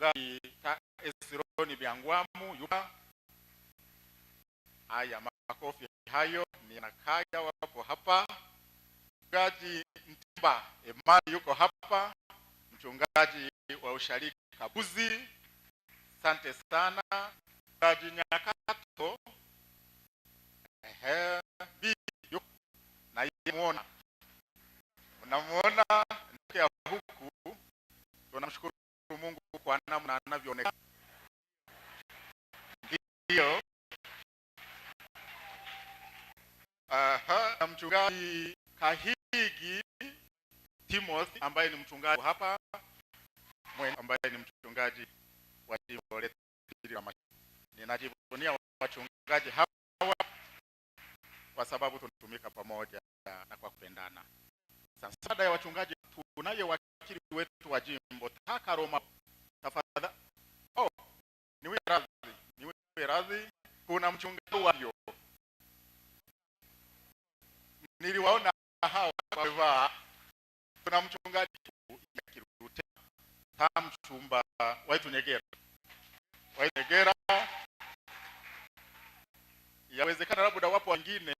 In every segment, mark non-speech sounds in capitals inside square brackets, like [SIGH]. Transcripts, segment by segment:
Mchungaji Esironi Byangwamu yupa. Haya, makofi hayo ni nakaya, wapo hapa. Mchungaji Mtiba Emali yuko hapa, mchungaji wa ushariki Kabuzi, asante sana mchungaji Nyaka Aha, mchungaji Kahigi Timothy ambaye ni mchungaji hapa ambaye ni mchungaji wa jimbo letu Ninajivunia wachungaji hawa kwa sababu tunatumika pamoja na kwa kupendana. Sasa ya wachungaji, tunaye wakili wetu wa jimbo Taka Roma, tafadhali. Oh, niwe radhi, niwe radhi, kuna mchungaji wao. Niliwaona hawa wamevaa, kuna mchungaji ya Kirute Nyegera, waitu Nyegera. Yawezekana labda wapo wengine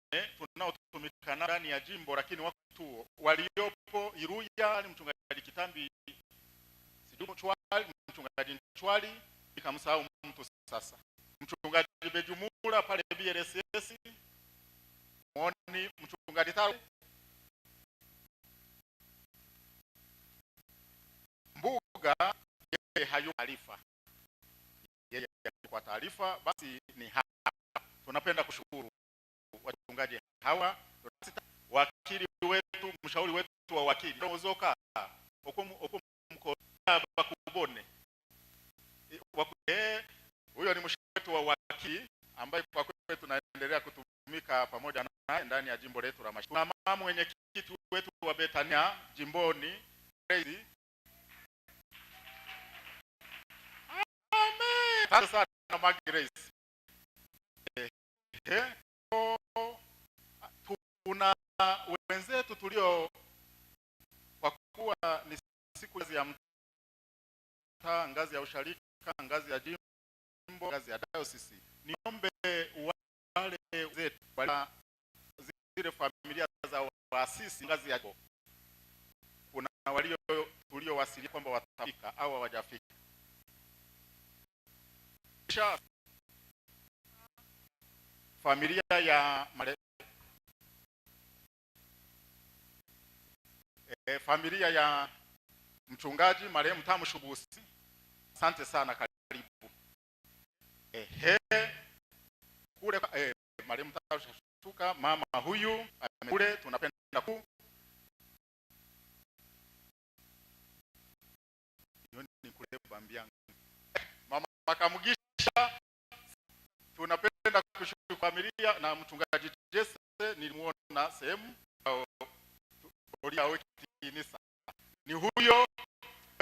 tunaotumika ndani ya jimbo, lakini wako tu waliopo Iruya, ni mchungaji Kitambi Sidumu Chwali, mchungaji Chwali, nikamsahau mtu sasa, mchungaji Bejumura pale BLSS Mwoni mchungaji Taro Mbuga, yeye hayu taarifa, yeye kwa taarifa, basi ni hapa. Tunapenda kushukuru wachungaji hawa, wakili wetu, mshauri wetu wa wakili ozoka okumkoabakubone huyo ni mshauri wetu wa wakili ambaye kwa kweli tunaendelea kutumika pamoja na ya jimbo letu la Mashariki. Mama mwenyekiti wetu wa Betania jimboni Crazy. Amen. na Magrace. tuna wenzetu tulio, kwa kuwa ni siku ya mta ngazi ya usharika, ngazi ya jimbo, ngazi ya dayosisi, niombe wale wenzetu zile familia za waasisi ngazi ya kuna walio tuliowasilia kwamba watafika au hawajafika. Kisha familia ya mare, e, familia ya mchungaji marehemu Tamu asante sana. kumkumbuka mama huyu amekule, tunapenda ku ni kule mama akamgisha, tunapenda kushukuru familia na mchungaji Jesse, nilimuona sehemu ni huyo,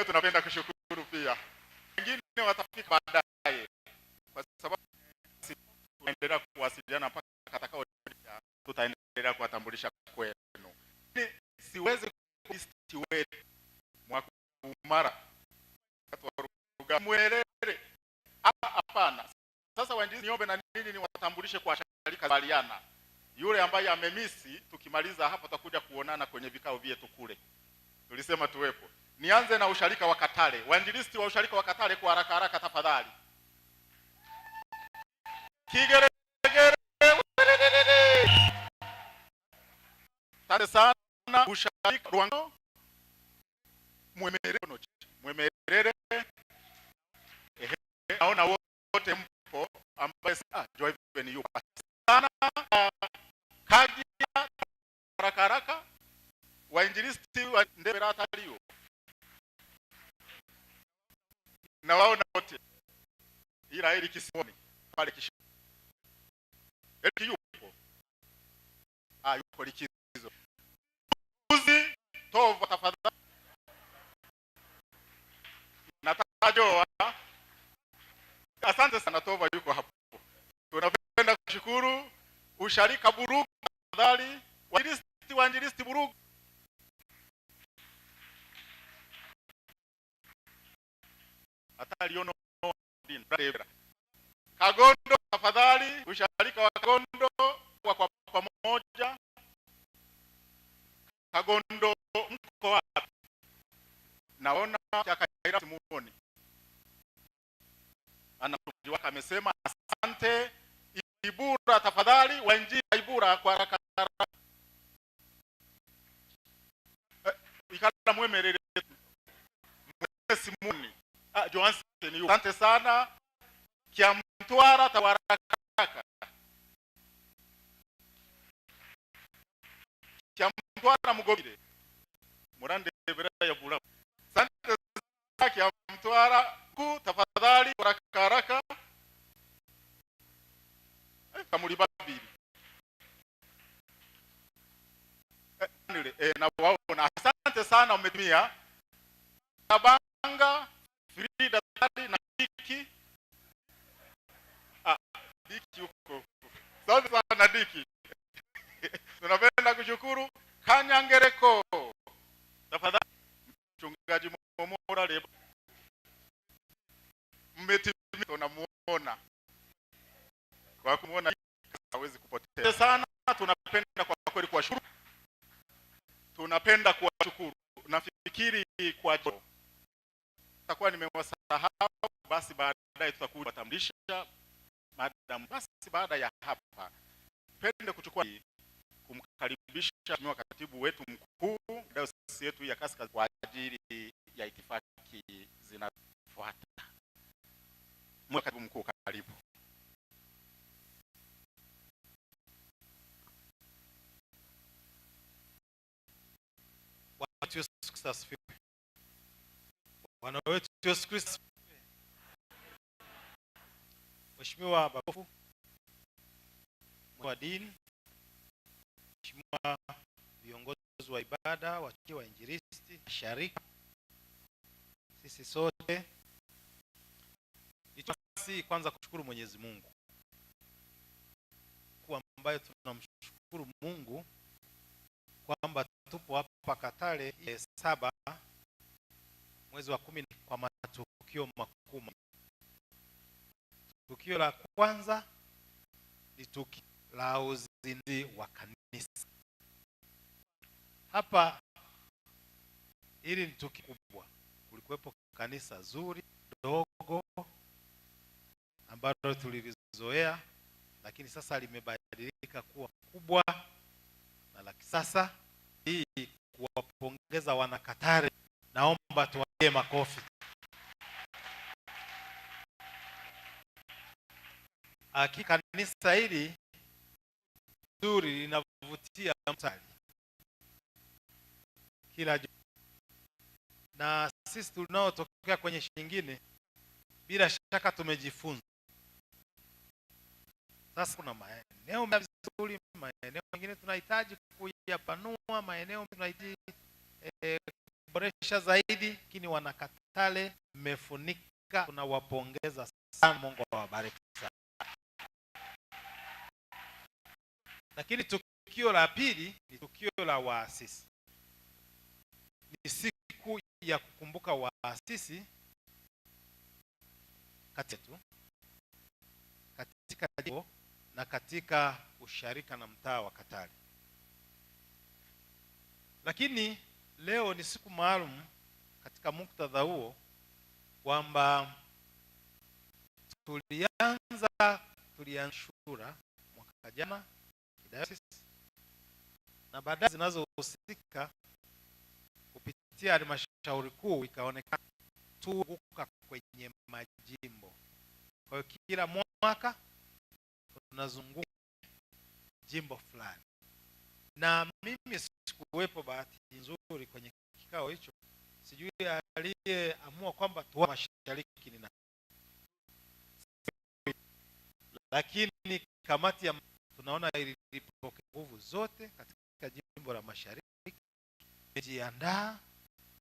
tunapenda kushukuru. siwezi kuistiwele Mwakumara Mwelele, ah, hapana. Sasa waendisi niombe na nini niwatambulishe kwa sharika baliana, yule ambaye amemisi. Tukimaliza hapa tutakuja kuonana kwenye vikao vyetu kule, tulisema tuwepo. Nianze na usharika wa Katale, waendilisti wa usharika wa Katale kwa haraka haraka tafadhali. Kigere sana Bwana usharika rwango mwemerere mwemerere. Ehe, naona wote mpo ambaye ah, joy you sana ah, kaji haraka haraka injilisti wa ndebera ataliyo na waona wote ila ili kisoni pale kisha Tova tafadhali, natajoa. Asante sana Tova, yuko hapo. Tunapenda kushukuru usharika Burugu, tafadhali wainjilisti, wainjilisti Burugu. ataliono Kagondo tafadhali, usharika wa Kagondo kwa pamoja Kagondo mko wapi? Naona Chakaira simuoni anamtungaji wake amesema asante Ibura, tafadhali wa Ibura kwa haraka haraka eh, ikala mwemerere simuni ah, Johansen yu asante sana kia mtuara tawaraka haraka mtuara mugobire Murande ya Burabu. Sante zake amtwara ku tafadhali haraka haraka. Eh, kamulibabili. Eh, eh, na waona. Asante sana umetumia. Tabanga Frida tadi na Diki. Ah, Diki huko. Asante sana Diki. [LAUGHS] Tunapenda kushukuru Kanyangereko tunapenda kwa kweli kuwashukuru, tunapenda kuwashukuru. Nafikiri kwa takuwa nimewasahau, basi baadaye tutakuja kuwatambulisha madam. Basi baada ya hapa, pende kuchukua kumkaribisha mheshimiwa katibu wetu mkuu dayosisi yetu ya Kaskazini kwa ajili ya itifaki zinazofuata. Mheshimiwa katibu mkuu Bwana wetu Yesu Kristo. Mheshimiwa babofu wa dini, Mheshimiwa viongozi wa ibada, wachungaji wa injilisti, sharika, sisi sote nichasi kwanza kushukuru Mwenyezi Mungu kwa ambayo tunamshukuru Mungu kwamba tupo hapa Katale saba mwezi wa kumi kwa matukio makuu. Tukio la kwanza ni tukio la uzinzi wa kanisa hapa. Hili ni tukio kubwa, kulikuwepo kanisa zuri dogo ambalo tulilizoea, lakini sasa limebadilika kuwa kubwa na la kisasa. Hii kuwapongeza wanakatare, naomba tu Makofi. Aki kanisa hili zuri linavutia mtali kila juma, na sisi tunaotokea kwenye shingine bila shaka tumejifunza. Sasa kuna maeneo mazuri, maeneo mengine tunahitaji kuyapanua, maeneo tunahitaji eh, kuwaboresha zaidi, lakini Wanakatale mmefunika, tunawapongeza sana, Mungu awabariki sana. Lakini tukio la pili ni tukio la waasisi, ni siku ya kukumbuka waasisi katitu katika jimbo na katika usharika na mtaa wa Katale, lakini leo ni siku maalum katika muktadha huo kwamba tulianza tulianshura mwaka jana kidayosisi na baadaye zinazohusika kupitia halmashauri kuu ikaonekana tuuka kwenye majimbo. Kwa hiyo kila mwaka tunazunguka jimbo fulani, na mimi kuwepo bahati nzuri kwenye kikao hicho, sijui aliyeamua kwamba tu mashariki ni nani, lakini kamati ya tunaona ilipokea nguvu zote katika jimbo la mashariki imejiandaa.